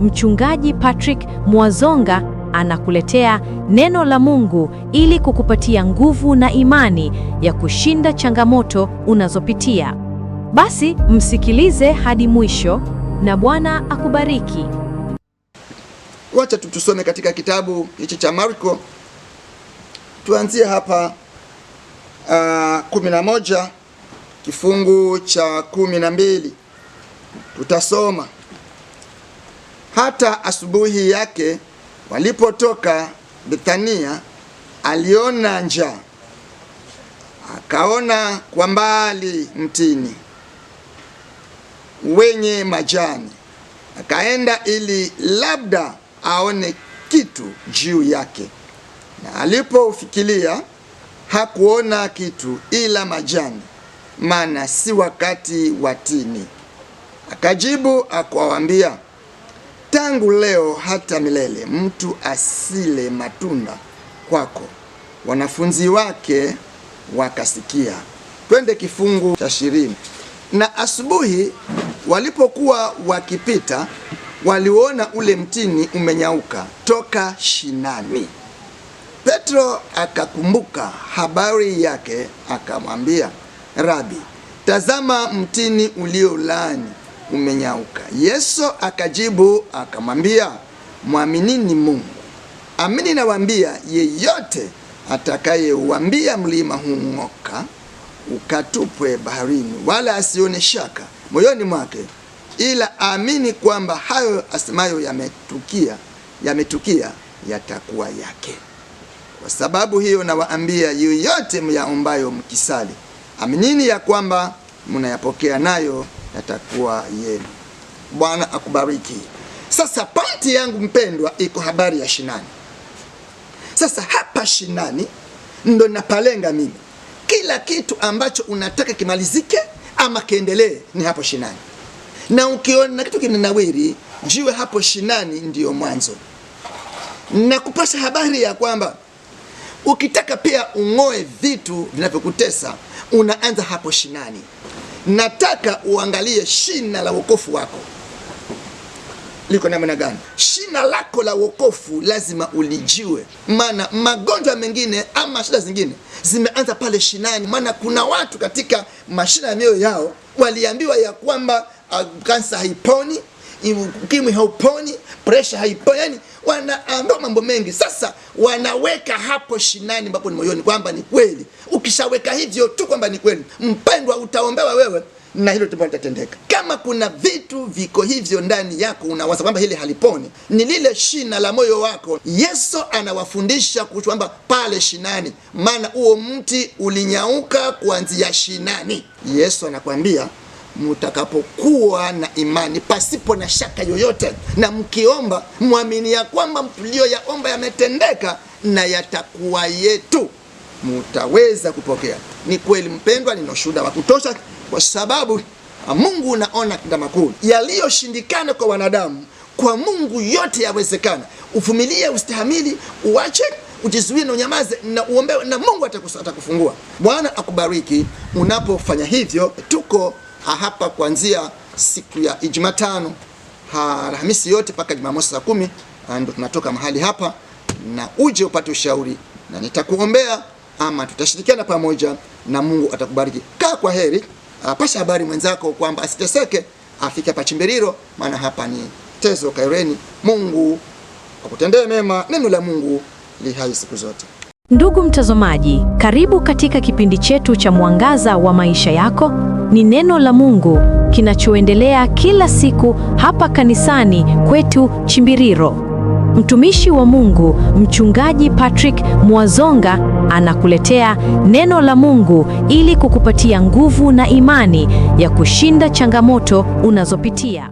Mchungaji Patrick Mwazonga anakuletea neno la Mungu ili kukupatia nguvu na imani ya kushinda changamoto unazopitia. Basi msikilize hadi mwisho na Bwana akubariki. Wacha tu tusome katika kitabu hichi cha Marko, tuanzie hapa uh, 11 kifungu cha 12 tutasoma hata asubuhi yake walipotoka Bethania, aliona njaa, akaona kwa mbali mtini wenye majani, akaenda ili labda aone kitu juu yake. Na alipofikilia hakuona kitu ila majani, maana si wakati wa tini. Akajibu akawaambia tangu leo hata milele mtu asile matunda kwako. Wanafunzi wake wakasikia. Twende kifungu cha ishirini. Na asubuhi walipokuwa wakipita, waliona ule mtini umenyauka toka shinani. Petro akakumbuka habari yake, akamwambia Rabi, tazama mtini uliolaani umenyauka. Yesu akajibu akamwambia, mwaminini Mungu. Amini nawaambia, yeyote atakayeuambia mlima huu ng'oka ukatupwe baharini, wala asione shaka moyoni mwake, ila amini kwamba hayo asemayo yametukia, yametukia yatakuwa yake. Kwa sababu hiyo nawaambia, yoyote myaombayo mkisali, aminini ya kwamba mnayapokea, nayo yatakuwa yenu. Bwana akubariki. Sasa pointi yangu mpendwa, iko habari ya shinani. Sasa hapa shinani ndo napalenga mimi. Kila kitu ambacho unataka kimalizike ama kiendelee ni hapo shinani, na ukiona kitu kinanawiri, jiwe hapo shinani ndiyo mwanzo. Na habari ya kwamba ukitaka pia ung'oe vitu vinavyokutesa, unaanza hapo shinani nataka uangalie shina la wokofu wako liko namna gani. Shina lako la wokofu lazima ulijue, maana magonjwa mengine ama shida zingine zimeanza pale shinani. Maana kuna watu katika mashina ya mioyo yao waliambiwa ya kwamba ah, kansa haiponi, ukimwi hauponi, presha haiponi, yani wanaambiwa ah, mambo mengi, sasa wanaweka hapo shinani ambapo ni moyoni kwamba ni kweli. Ukishaweka hivyo tu kwamba ni kweli, mpendwa, utaombewa wewe na hilo tumbo litatendeka. Kama kuna vitu viko hivyo ndani yako, unawaza kwamba hili haliponi, ni lile shina la moyo wako. Yesu anawafundisha kuhusu kwamba pale shinani, maana huo mti ulinyauka kuanzia shinani. Yesu anakwambia mutakapokuwa na imani pasipo na shaka yoyote, na mkiomba mwamini ya kwamba mlioyaomba yametendeka na yatakuwa yetu, mutaweza kupokea. Ni kweli mpendwa, nina ushuhuda wa kutosha, kwa sababu Mungu unaona kila makuu yaliyoshindikana kwa wanadamu, kwa Mungu yote yawezekana. Uvumilie, ustahamili, uache ujizuie na unyamaze na uombewe, na Mungu atakufungua. Bwana akubariki unapofanya hivyo. Tuko hapa kuanzia siku ya Ijumatano Alhamisi yote mpaka Jumamosi saa kumi ah, ndio tunatoka mahali hapa, na uje upate ushauri na nitakuombea ama tutashirikiana pamoja na Mungu atakubariki. Kaa kwa heri, ah, pasha habari mwenzako kwamba asiteseke, afike hapa Chimbiriro, maana hapa ni Tezo Kaireni. Mungu akutendee mema, neno la Mungu li hai siku zote. Ndugu mtazamaji, karibu katika kipindi chetu cha Mwangaza wa Maisha Yako ni neno la Mungu kinachoendelea kila siku hapa kanisani kwetu Chimbiriro. Mtumishi wa Mungu Mchungaji Patrick Mwazonga anakuletea neno la Mungu ili kukupatia nguvu na imani ya kushinda changamoto unazopitia.